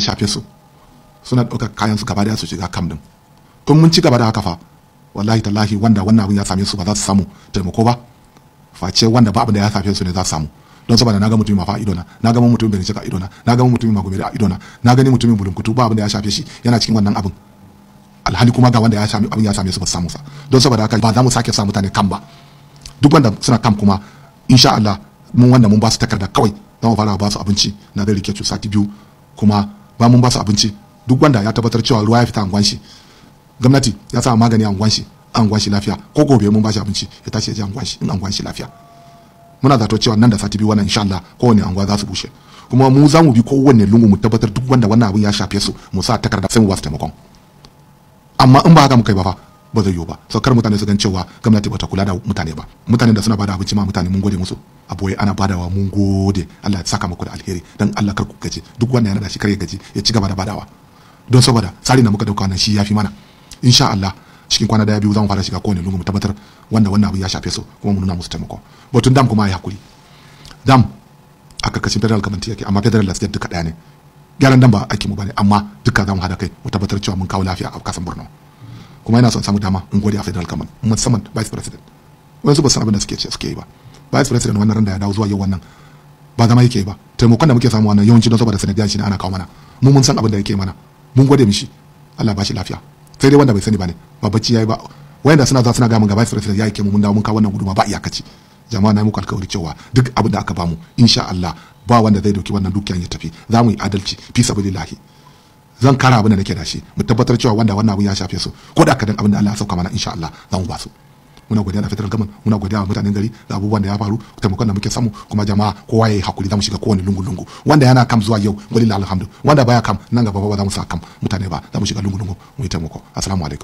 shafe su suna ɗaukar kayan su gaba daya su shiga kam din in mun ci gaba da haka fa wallahi tallahi wanda wannan abin ya same su ba za su samu taimako ba face wanda ba abin da ya shafe su ne za su samu don saboda na ga mutumin mafa ido na na ga mutumin bai cika ido na na ga mutumin magume a ido na na gani mutumin bulunkutu ba abin da ya shafe shi yana cikin wannan abin alhali kuma ga wanda ya same abin ya same su ba su samu sa don saboda haka ba za mu sake samu mutane kam ba duk wanda suna kam kuma insha Allah mun wanda mun ba su takarda kawai za fara ba su abinci na zai rike sati biyu kuma ba mun ba su abinci duk wanda ya tabbatar cewa ruwa ya fita anguwan shi gwamnati ya sa magani anguwan shi anguwan shi lafiya ko gobe mun ba shi abinci ya tashi ya je anguwan shi in anguwan shi lafiya muna zato cewa nan da sati bi wannan insha Allah kowane anguwa za su bushe kuma mu za mu bi wanne lungu mu tabbatar duk wanda wannan abin ya shafe su mu sa takarda sai mu ba su taimakon amma in ba haka mu kai ba fa ba zai yiwu ba kar mutane su gan cewa gwamnati bata kula da mutane ba mutane da suna bada abinci ma mutane mun gode musu a boye ana badawa mun gode Allah ya saka muku da alheri dan Allah kar ku gaji duk wanda yana da shi kar ya gaji ya ci gaba da badawa don saboda tsari na muka dauka wannan shi yafi mana insha Allah cikin kwana daya biyu zan fara shiga kowane lungu mu tabbatar wanda wannan abu ya shafe su kuma mu nuna musu taimako batun dam kuma ya hakuri dam a karkashin federal government yake amma federal state duka daya ne gyaran dam ba aiki mu bane amma duka za mu hada kai mu tabbatar cewa mun kawo lafiya a kasan Borno kuma ina son samu dama in gode a federal government musamman vice president wani su ba san abin da suke ce suke yi ba ba a president wannan ran da ya dawo zuwa yau wannan ba zama yake ba taimakon da muke samu wannan yawanci don saboda sanadiyar shi na ana kawo mana mu mun san abin da yake mana mun gode mishi Allah ba shi lafiya sai dai wanda bai sani ba ne ba bacci yayi ba wayanda suna za suna ga mun gaba vice president ya yake mu mun dawo mun kawo wannan guduma ba iyakaci jama'a na muku alkawari cewa duk abin da aka ba mu insha Allah ba wanda zai doki wannan dukiyar ya tafi za mu yi adalci fi sabilillahi zan kara abin da nake da shi mu tabbatar cewa wanda wannan abin ya shafe su ko da kadan abin da Allah ya sauka mana insha Allah za mu ba su muna godiya da federal government muna godiya wa mutanen gari da abubuwan da ya faru taimakon da muke samu kuma jama'a kowa ya yi hakuri za mu shiga kowane lungu lungu wanda yana kam zuwa yau walillah alhamdu wanda baya kam nan gaba ba za mu sa kam mutane ba za mu shiga lungu lungu mu yi taimako assalamu alaikum